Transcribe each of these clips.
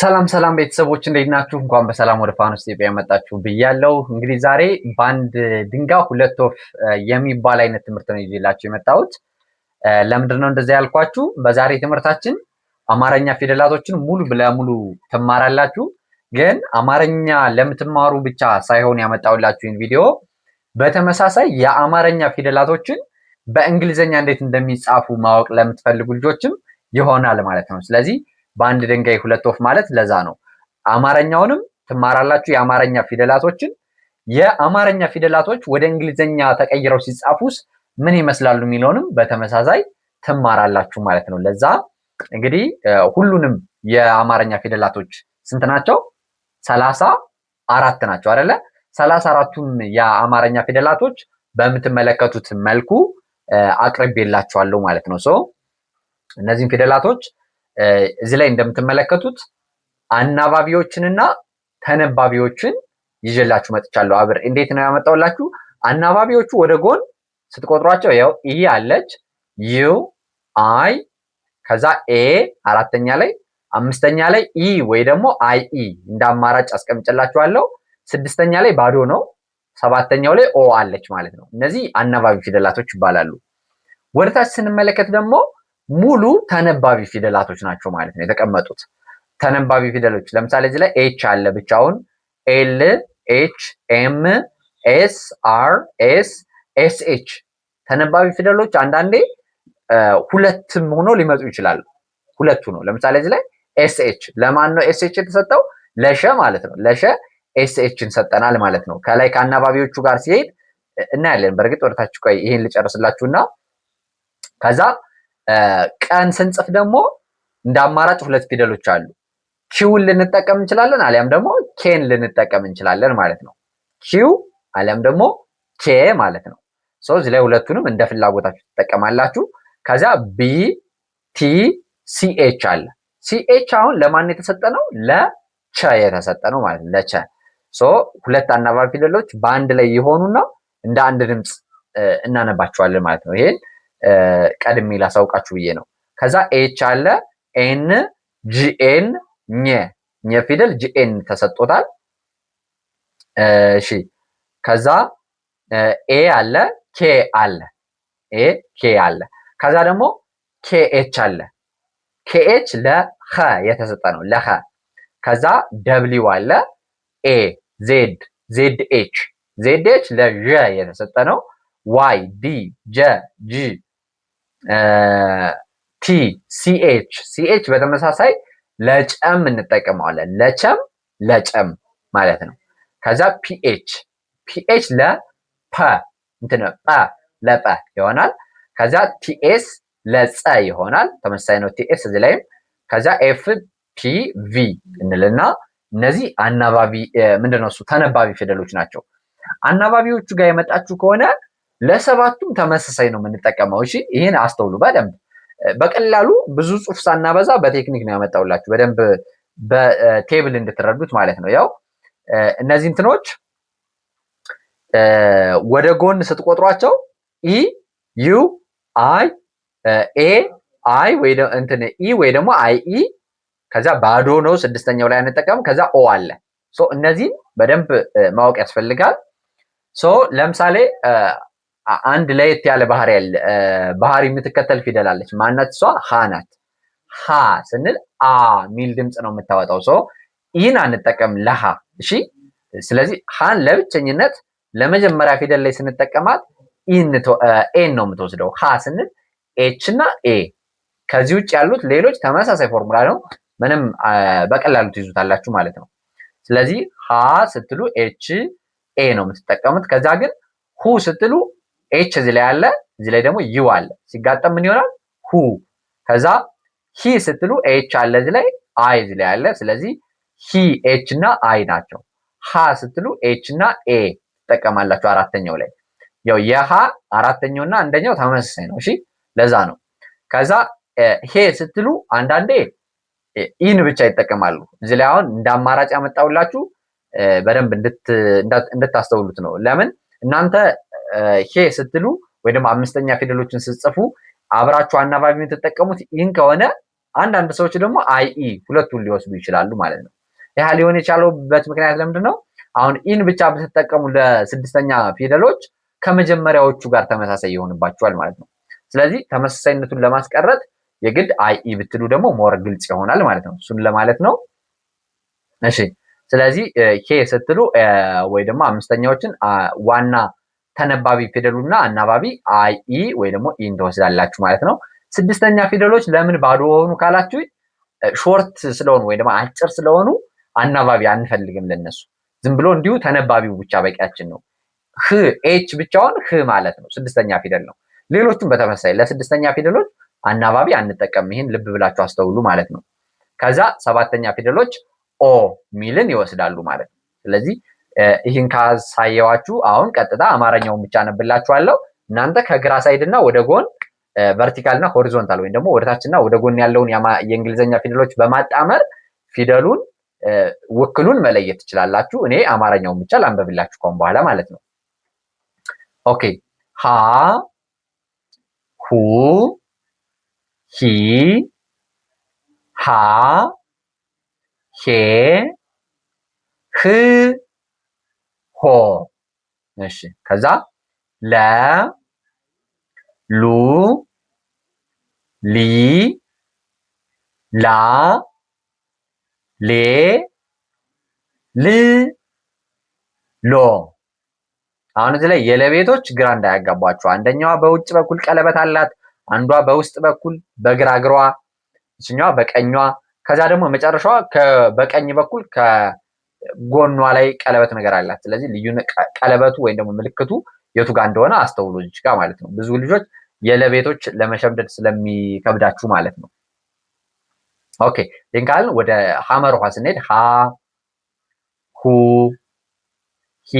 ሰላም ሰላም ቤተሰቦች እንዴት ናችሁ? እንኳን በሰላም ወደ ፋኖስ ኢትዮጵያ መጣችሁ ብያለሁ። እንግዲህ ዛሬ በአንድ ድንጋይ ሁለት ወፍ የሚባል አይነት ትምህርት ነው ይዤላችሁ የመጣሁት። ለምንድን ነው እንደዚያ ያልኳችሁ? በዛሬ ትምህርታችን አማርኛ ፊደላቶችን ሙሉ ለሙሉ ትማራላችሁ። ግን አማርኛ ለምትማሩ ብቻ ሳይሆን ያመጣሁላችሁ ቪዲዮ በተመሳሳይ የአማርኛ ፊደላቶችን በእንግሊዝኛ እንዴት እንደሚጻፉ ማወቅ ለምትፈልጉ ልጆችም ይሆናል ማለት ነው። ስለዚህ በአንድ ድንጋይ ሁለት ወፍ ማለት ለዛ ነው። አማርኛውንም ትማራላችሁ። የአማርኛ ፊደላቶችን የአማርኛ ፊደላቶች ወደ እንግሊዝኛ ተቀይረው ሲጻፉስ ምን ይመስላሉ የሚለውንም በተመሳሳይ ትማራላችሁ ማለት ነው። ለዛ እንግዲህ ሁሉንም የአማርኛ ፊደላቶች ስንት ናቸው? ሰላሳ አራት ናቸው አይደለ? ሰላሳ አራቱም የአማርኛ ፊደላቶች በምትመለከቱት መልኩ አቅርቤላችኋለሁ ማለት ነው። ሶ እነዚህን ፊደላቶች እዚህ ላይ እንደምትመለከቱት አናባቢዎችንና ተነባቢዎችን ይዤላችሁ መጥቻለሁ። አብር እንዴት ነው ያመጣውላችሁ? አናባቢዎቹ ወደ ጎን ስትቆጥሯቸው ያው ኢ አለች ዩ አይ ከዛ ኤ አራተኛ ላይ አምስተኛ ላይ ኢ ወይ ደግሞ አይ ኢ እንደ አማራጭ አስቀምጨላችኋለሁ። ስድስተኛ ላይ ባዶ ነው። ሰባተኛው ላይ ኦ አለች ማለት ነው። እነዚህ አናባቢ ፊደላቶች ይባላሉ። ወደታች ስንመለከት ደግሞ ሙሉ ተነባቢ ፊደላቶች ናቸው ማለት ነው የተቀመጡት። ተነባቢ ፊደሎች ለምሳሌ እዚህ ላይ ኤች አለ ብቻውን፣ ኤል፣ ኤች፣ ኤም፣ ኤስ፣ አር፣ ኤስ፣ ኤስ ኤች። ተነባቢ ፊደሎች አንዳንዴ ሁለትም ሆኖ ሊመጡ ይችላሉ። ሁለቱ ነው። ለምሳሌ እዚህ ላይ ኤስ ኤች። ለማን ነው ኤስ ኤች የተሰጠው? ለሸ ማለት ነው። ለሸ ኤስ ኤች እንሰጠናል ማለት ነው። ከላይ ከአናባቢዎቹ ጋር ሲሄድ እናያለን። በእርግጥ ወደታችሁ ቆይ ይሄን ልጨርስላችሁና ከዛ ቀን ስንጽፍ ደግሞ እንደ አማራጭ ሁለት ፊደሎች አሉ። ኪውን ልንጠቀም እንችላለን፣ አሊያም ደግሞ ኬን ልንጠቀም እንችላለን ማለት ነው። ኪው አሊያም ደግሞ ኬ ማለት ነው። ሰው እዚህ ላይ ሁለቱንም እንደ ፍላጎታችሁ ትጠቀማላችሁ። ከዚያ ቢ ቲ ሲኤች አለ። ሲኤች አሁን ለማን የተሰጠ ነው? ለቸ የተሰጠ ነው ማለት ነው። ለቸ ሁለት አናባቢ ፊደሎች በአንድ ላይ የሆኑና እንደ አንድ ድምፅ እናነባቸዋለን ማለት ነው። ይሄን ቀድሜ ላሳውቃችሁ ብዬ ነው። ከዛ ኤች አለ ኤን ጂኤን ኘ ኘ ፊደል ጂኤን ተሰጥቶታል። እሺ ከዛ ኤ አለ ኬ አለ ኤ ኬ አለ ከዛ ደግሞ ኬኤች አለ ኬኤች ለኸ የተሰጠ ነው ለኸ ከዛ ደብሊው አለ ኤ ዜድ ዜድ ኤች ዜድ ኤች ለዠ የተሰጠ ነው ዋይ ዲ ጀ ጂ ቲ ሲኤች ሲኤች በተመሳሳይ ለጨም እንጠቀመዋለን። ለቸም ለጨም ማለት ነው። ከዛ ፒኤች ፒኤች ለፐ እንትን ጳ ለጳ ይሆናል። ከዛ ቲኤስ ለጸ ይሆናል። ተመሳሳይ ነው ቲኤስ እዚህ ላይም። ከዛ ኤፍ ፒ ቪ እንልና እነዚህ አናባቢ ምንድነው እሱ ተነባቢ ፊደሎች ናቸው። አናባቢዎቹ ጋር የመጣችሁ ከሆነ ለሰባቱም ተመሳሳይ ነው የምንጠቀመው። እሺ ይህን አስተውሉ በደንብ በቀላሉ ብዙ ጽሁፍ ሳናበዛ በቴክኒክ ነው ያመጣውላችሁ በደንብ በቴብል እንድትረዱት ማለት ነው። ያው እነዚህ እንትኖች ወደ ጎን ስትቆጥሯቸው ኢ ዩ አይ ኤ አይ ወይ እንትን ኢ ወይ ደግሞ አይ ኢ ከዛ ባዶ ነው ስድስተኛው ላይ አንጠቀም። ከዛ ኦ አለ። እነዚህን በደንብ ማወቅ ያስፈልጋል። ሶ ለምሳሌ አንድ ለየት ያለ ባህሪ ያለ ባህሪ የምትከተል ፊደል አለች። ማናት? እሷ ሃ ናት። ሃ ስንል አ ሚል ድምፅ ነው የምታወጣው። ሰው ኢን አንጠቀም ለሃ እሺ። ስለዚህ ሃን ለብቸኝነት ለመጀመሪያ ፊደል ላይ ስንጠቀማት ኤን ነው የምትወስደው። ሃ ስንል ኤች እና ኤ። ከዚህ ውጭ ያሉት ሌሎች ተመሳሳይ ፎርሙላ ነው። ምንም በቀላሉ ትይዙታላችሁ ማለት ነው። ስለዚህ ሃ ስትሉ ኤች ኤ ነው የምትጠቀሙት። ከዛ ግን ሁ ስትሉ ኤች እዚህ ላይ አለ፣ እዚህ ላይ ደግሞ ዩ አለ። ሲጋጠም ምን ይሆናል? ሁ። ከዛ ሂ ስትሉ ኤች አለ እዚህ ላይ፣ አይ እዚህ ላይ አለ። ስለዚህ ሂ ኤች እና አይ ናቸው። ሀ ስትሉ ኤች እና ኤ ትጠቀማላችሁ። አራተኛው ላይ ያው የሀ አራተኛው እና አንደኛው ተመሳሳይ ነው። እሺ ለዛ ነው። ከዛ ሄ ስትሉ አንዳንዴ ኢን ብቻ ይጠቀማሉ። እዚህ ላይ አሁን እንደ አማራጭ ያመጣሁላችሁ በደንብ እንድታስተውሉት ነው። ለምን እናንተ ሄ ስትሉ ወይ ደግሞ አምስተኛ ፊደሎችን ስጽፉ አብራችሁ አናባቢ የምትጠቀሙት ይህን ከሆነ አንዳንድ ሰዎች ደግሞ አይኢ ሁለቱን ሊወስዱ ይችላሉ ማለት ነው። ይህ ሊሆን የቻለበት ምክንያት ለምንድን ነው? አሁን ኢን ብቻ ብትጠቀሙ ለስድስተኛ ፊደሎች ከመጀመሪያዎቹ ጋር ተመሳሳይ ይሆንባቸዋል ማለት ነው። ስለዚህ ተመሳሳይነቱን ለማስቀረት የግድ አይኢ ብትሉ ደግሞ ሞር ግልጽ ይሆናል ማለት ነው። እሱን ለማለት ነው። እሺ። ስለዚህ ሄ ስትሉ ወይ ደግሞ አምስተኛዎችን ዋና ተነባቢ ፊደሉና አናባቢ አይ ኢ ወይ ደግሞ ኢን ትወስዳላችሁ ማለት ነው። ስድስተኛ ፊደሎች ለምን ባዶ ሆኑ ካላችሁ ሾርት ስለሆኑ ወይ ደግሞ አጭር ስለሆኑ አናባቢ አንፈልግም ለነሱ። ዝም ብሎ እንዲሁ ተነባቢው ብቻ በቂያችን ነው። ህ ኤች ብቻውን ህ ማለት ነው፣ ስድስተኛ ፊደል ነው። ሌሎቹም በተመሳሳይ ለስድስተኛ ፊደሎች አናባቢ አንጠቀም። ይህን ልብ ብላችሁ አስተውሉ ማለት ነው። ከዛ ሰባተኛ ፊደሎች ኦ ሚልን ይወስዳሉ ማለት ነው። ስለዚህ ይህን ካሳየዋችሁ አሁን ቀጥታ አማርኛውን ብቻ አነብላችኋለሁ እናንተ ከግራ ሳይድ እና ወደ ጎን ቨርቲካል እና ሆሪዞንታል ወይም ደግሞ ወደታችና ወደ ጎን ያለውን የእንግሊዝኛ ፊደሎች በማጣመር ፊደሉን ውክሉን መለየት ትችላላችሁ። እኔ አማርኛውን ብቻ ላንበብላችሁ ከሆን በኋላ ማለት ነው። ኦኬ ሀ ሁ ሂ ሃ ሄ ህ ሆ እሺ ከዛ ለ ሉ ሊ ላ ሌ ል ሎ አሁን እዚህ ላይ የለቤቶች ግራ እንዳያጋቧቸው። አንደኛዋ በውጭ በኩል ቀለበት አላት፣ አንዷ በውስጥ በኩል በግራ እግሯ፣ እችኛዋ በቀኟ፣ ከዛ ደግሞ መጨረሻዋ በቀኝ በኩል ጎኗ ላይ ቀለበት ነገር አላት። ስለዚህ ልዩ ቀለበቱ ወይም ደግሞ ምልክቱ የቱ ጋር እንደሆነ አስተውሉ እጅ ጋር ማለት ነው። ብዙ ልጆች የለቤቶች ለመሸምደድ ስለሚከብዳችሁ ማለት ነው። ኦኬ ሊንካልን ወደ ሀመር ውሃ ስንሄድ ሀ ሁ ሂ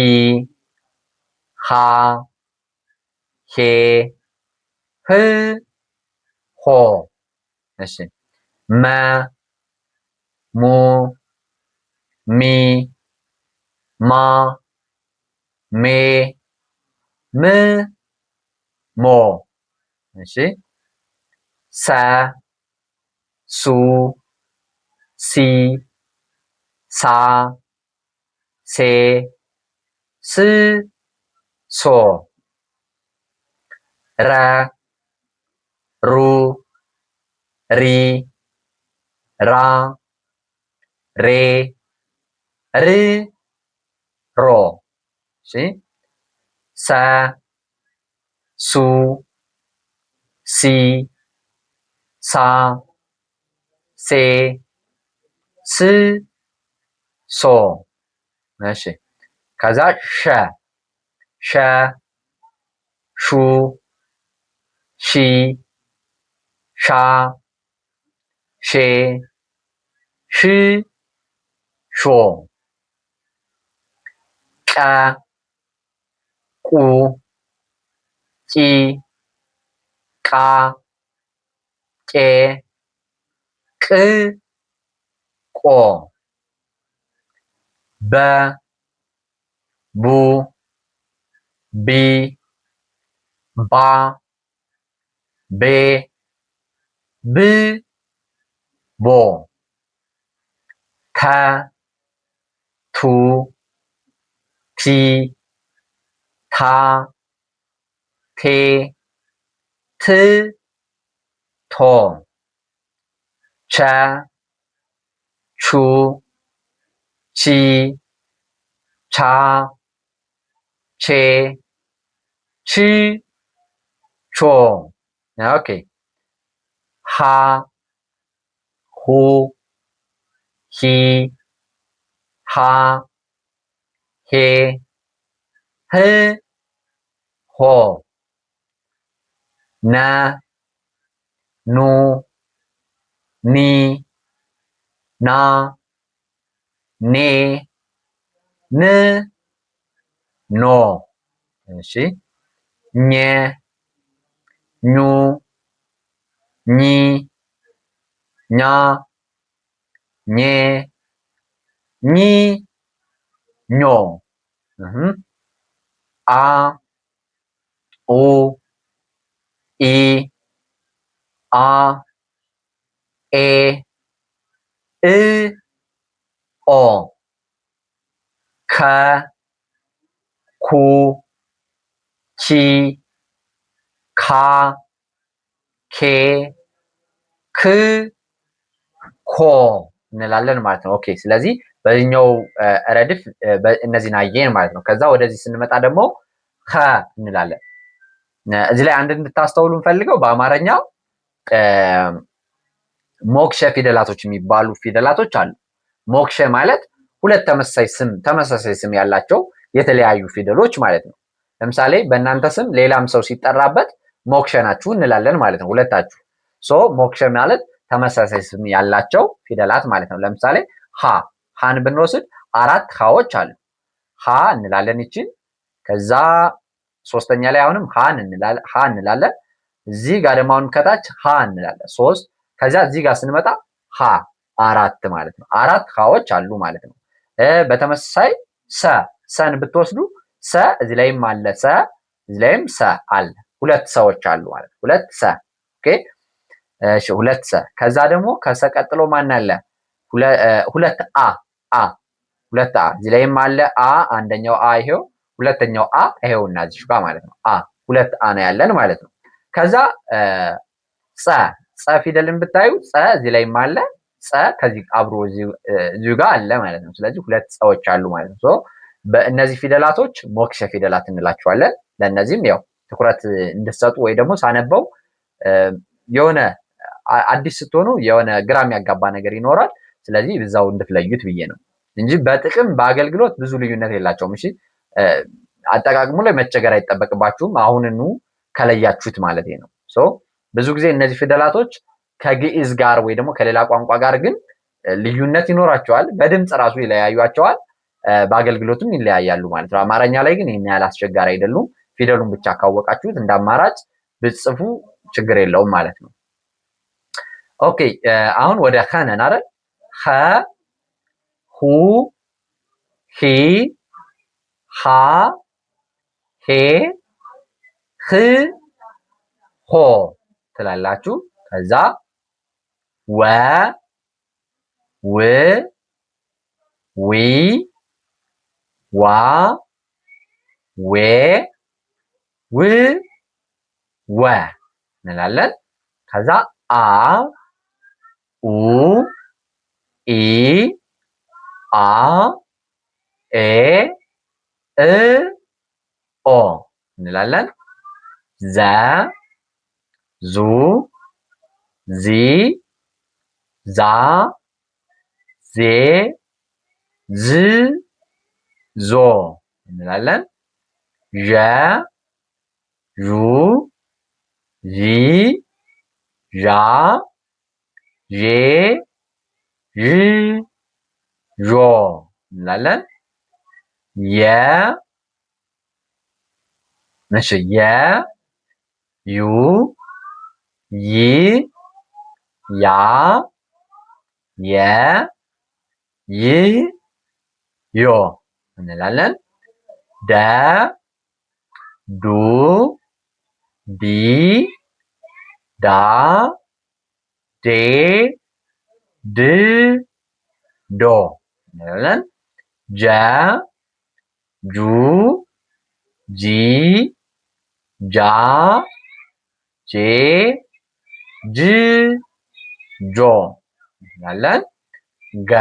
ሀ ሄ ህ ሆ እሺ መ ሙ ሚ ማ ሜ ም ሞ እሺ ሰ ሱ ሲ ሳ ሴ ስ ሶ ረ ሩ ሪ ራ ሬ ሮ እሺ ሰ ሱ ሲ ሳ ሴ ስ ሶ እሺ ከዛ ሸ ሸ ሹ ሺ ሻ ሼ ሽ ሾ ቀ ቁ ጪ ቃ ቄ ቅ ቆ በ ቡ ቢ ባ ቤ ብ ቦ ተ ቱ 지, 다, 테, 트, 통, 자, 추, 지, 자, 제, 치, 종. 네, 오케이. 하, 호, 히, 하, ሄ ህ ሆ ነ ኑ ኒ ና ኔ ን ኖ እሺ ኘ ኙ ኚ ኛ ኜ ኚ ኞ አ ኡ ኢ አ ኤ እ ኦ ከ ኩ ቺ ካ ኬ ክ ኮ እንላለን ማለት ነው። ኦኬ ስለዚህ በዚህኛው ረድፍ እነዚህን አየን ማለት ነው። ከዛ ወደዚህ ስንመጣ ደግሞ ኸ እንላለን። እዚህ ላይ አንድ እንድታስተውሉ እንፈልገው በአማርኛው ሞክሸ ፊደላቶች የሚባሉ ፊደላቶች አሉ። ሞክሸ ማለት ሁለት ተመሳሳይ ስም ተመሳሳይ ስም ያላቸው የተለያዩ ፊደሎች ማለት ነው። ለምሳሌ በእናንተ ስም ሌላም ሰው ሲጠራበት ሞክሸ ናችሁ እንላለን ማለት ነው። ሁለታችሁ ሶ ሞክሸ ማለት ተመሳሳይ ስም ያላቸው ፊደላት ማለት ነው። ለምሳሌ ሀ ሀን ብንወስድ አራት ሀዎች አሉ። ሀ እንላለን ይችን። ከዛ ሶስተኛ ላይ አሁንም ሀ እንላለን። እዚህ ጋር ደግሞ አሁንም ከታች ሀ እንላለን። ሶስት ከዚያ እዚህ ጋር ስንመጣ ሀ አራት ማለት ነው። አራት ሀዎች አሉ ማለት ነው። በተመሳሳይ ሰ ሰን ብትወስዱ ሰ እዚህ ላይም አለ ሰ እዚህ ላይም ሰ አለ። ሁለት ሰዎች አሉ ማለት ነው። ሁለት ሰ ኦኬ። እሺ ሁለት ሰ ከዛ ደግሞ ከሰ ቀጥሎ ማን አለ? ሁለት አ አ ሁለት አ እዚህ ላይም አለ አ አንደኛው አ ይሄው ሁለተኛው አ ይሄው እና እዚህ ጋር ማለት ነው አ ሁለት አ ነው ያለን ማለት ነው። ከዛ ጸ ጸ ፊደልን ብታዩ ጸ እዚህ ላይም አለ ጸ ከዚህ አብሮ እዚሁ ጋር አለ ማለት ነው። ስለዚህ ሁለት ጸዎች አሉ ማለት ነው። ሶ በእነዚህ ፊደላቶች ሞክሸ ፊደላት እንላቸዋለን። ለእነዚህም ያው ትኩረት እንድትሰጡ ወይ ደግሞ ሳነበው የሆነ አዲስ ስትሆኑ የሆነ ግራ የሚያጋባ ነገር ይኖራል። ስለዚህ እዛው እንድትለዩት ብዬ ነው እንጂ በጥቅም በአገልግሎት ብዙ ልዩነት የላቸውም። እሺ አጠቃቅሙ ላይ መቸገር አይጠበቅባችሁም። አሁንኑ ከለያችሁት ማለት ነው። ሶ ብዙ ጊዜ እነዚህ ፊደላቶች ከግዕዝ ጋር ወይ ደግሞ ከሌላ ቋንቋ ጋር ግን ልዩነት ይኖራቸዋል። በድምፅ ራሱ ይለያዩቸዋል፣ በአገልግሎትም ይለያያሉ ማለት ነው። አማርኛ ላይ ግን ይህን ያህል አስቸጋሪ አይደሉም። ፊደሉን ብቻ ካወቃችሁት እንደ አማራጭ ብጽፉ ችግር የለውም ማለት ነው። ኦኬ አሁን ወደ ከነን አይደል ሀ ሁ ሂ ሃ ሄ ህ ሆ ትላላችሁ። ከዛ ወ ው ዊ ዋ ዌ ው ወ እንላለን። ከዛ አ ኡ ኢ አ ኤ እ ኦ እንላለን። ዘ ዙ ዚ ዛ ዜ ዝ ዞ እንላለን። ዠ ዡ ዢ ዣ ዤ ዥ እንላለን። የ እሺ የ ዩ ይ ያ የ ይ ዮ እንላለን። ደ ዱ ዲ ዳ ዴ ድዶ እንላለን። ጀ ጁ ጂ ጃ ጄ ጅ ጆ እንላለን። ገ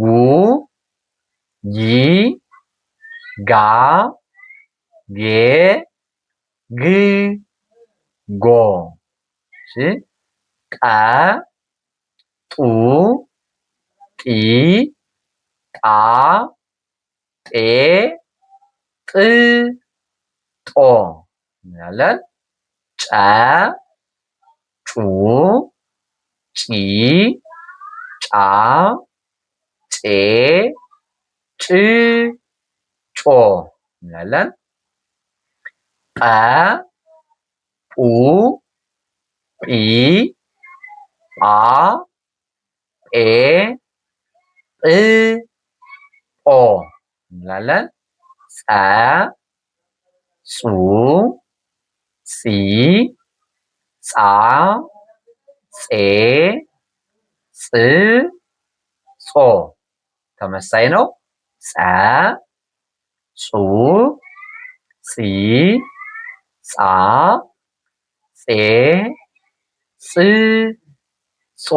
ጉ ጊ ጋ ጌ ግ ጎ ቀ 두, 비, 다, 떼, 뜰, 또. 뭐냐면, 짜, 주, 지, 자, 제, 쯔, 초. 뭐냐면, 아, 우, 이, 아, ኤ ጵ ጶ እንላለን። ጸ ጹ ጺ ጻ ጼ ጽ ጾ ተመሳይ ነው። ጸ ጹ ጺ ጻ ጼ ጽ ጾ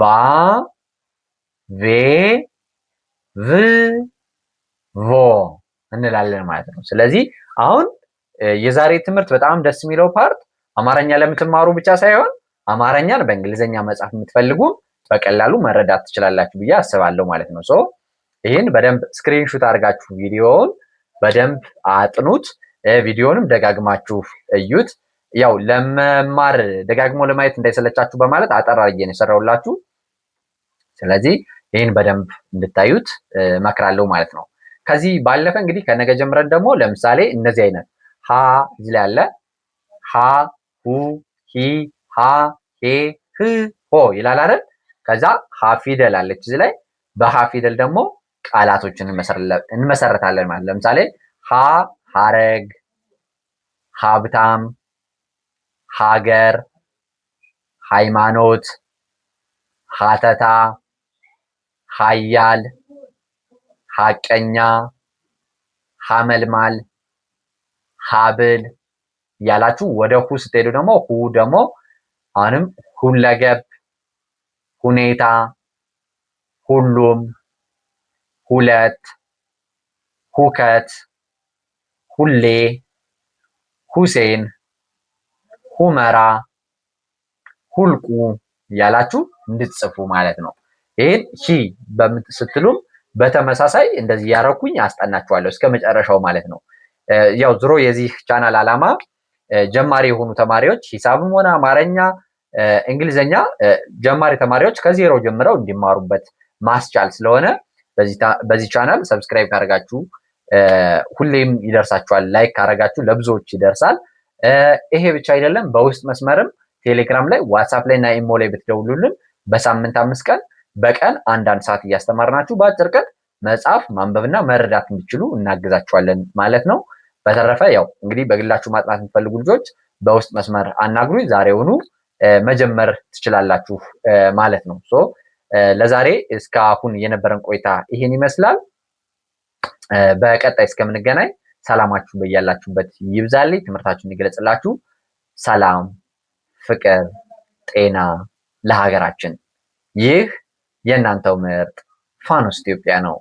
ቫ ቬ ቭ ቮ እንላለን ማለት ነው። ስለዚህ አሁን የዛሬ ትምህርት በጣም ደስ የሚለው ፓርት አማርኛ ለምትማሩ ብቻ ሳይሆን አማርኛን በእንግሊዝኛ መጻፍ የምትፈልጉም በቀላሉ መረዳት ትችላላችሁ ብዬ አስባለሁ ማለት ነው። ሶ ይህን በደንብ ሹት አድርጋችሁ ቪዲዮውን በደንብ አጥኑት። ቪዲዮንም ደጋግማችሁ እዩት። ያው ለመማር ደጋግሞ ለማየት እንዳይሰለቻችሁ በማለት አጠር አድርጌ ነው የሰራሁላችሁ። ስለዚህ ይህን በደንብ እንድታዩት እመክራለሁ ማለት ነው። ከዚህ ባለፈ እንግዲህ ከነገ ጀምረን ደግሞ ለምሳሌ እነዚህ አይነት ሀ እዚህ ላይ አለ ሀ ሁ ሂ ሀ ሄ ህ ሆ ይላል አይደል? ከዛ ሀ ፊደል አለች እዚህ ላይ በሀ ፊደል ደግሞ ቃላቶችን እንመሰረታለን ማለት ለምሳሌ ሀ ሀረግ ሀብታም ሀገር፣ ሃይማኖት፣ ሀተታ፣ ሀያል፣ ሀቀኛ፣ ሀመልማል፣ ሀብል እያላችሁ ወደ ሁ ስትሄዱ ደግሞ ሁ ደግሞ አሁንም ሁለገብ፣ ሁኔታ፣ ሁሉም፣ ሁለት፣ ሁከት፣ ሁሌ፣ ሁሴን ሁመራ፣ ሁልቁ እያላችሁ እንድትጽፉ ማለት ነው። ይህን ሂ ስትሉም በተመሳሳይ እንደዚህ ያረኩኝ አስጠናችኋለሁ እስከ መጨረሻው ማለት ነው። ያው ዝሮ የዚህ ቻናል ዓላማ ጀማሪ የሆኑ ተማሪዎች ሂሳብም ሆነ አማርኛ፣ እንግሊዝኛ ጀማሪ ተማሪዎች ከዜሮ ጀምረው እንዲማሩበት ማስቻል ስለሆነ በዚህ ቻናል ሰብስክራይብ ካረጋችሁ ሁሌም ይደርሳችኋል። ላይክ ካረጋችሁ ለብዙዎች ይደርሳል። ይሄ ብቻ አይደለም። በውስጥ መስመርም ቴሌግራም ላይ ዋትሳፕ ላይ እና ኢሞ ላይ ብትደውሉልን በሳምንት አምስት ቀን በቀን አንዳንድ ሰዓት እያስተማርናችሁ በአጭር ቀን መጽሐፍ ማንበብና መረዳት እንዲችሉ እናግዛችኋለን ማለት ነው። በተረፈ ያው እንግዲህ በግላችሁ ማጥናት የምትፈልጉ ልጆች በውስጥ መስመር አናግሩኝ፣ ዛሬውኑ መጀመር ትችላላችሁ ማለት ነው። ሶ ለዛሬ አሁን የነበረን ቆይታ ይሄን ይመስላል። በቀጣይ እስከምንገናኝ ሰላማችሁ በያላችሁበት ይብዛልኝ። ትምህርታችሁን ይገለጽላችሁ። ሰላም፣ ፍቅር፣ ጤና ለሀገራችን። ይህ የእናንተው ምርጥ ፋኖስ ኢትዮጵያ ነው።